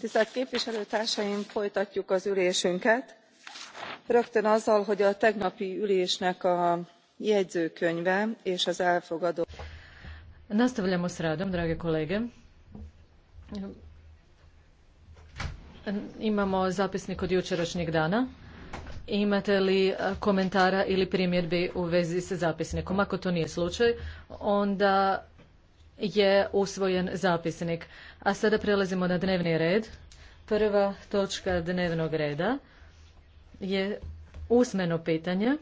tisztelt képviselőtársaim folytatjuk az ülésünket rögtön azzal hogy a tegnapi ülésnek a jegyzőkönyve és az elfogadott. nastavljamo s radom drage kolege imamo zapisnik od jučerašnjeg dana imate li komentara ili primjedbi u vezi sa zapisnikom ako to nije slučaj onda je usvojen zapisnik. A sada prelazimo na dnevni red. Prva točka dnevnog reda je usmeno pitanje.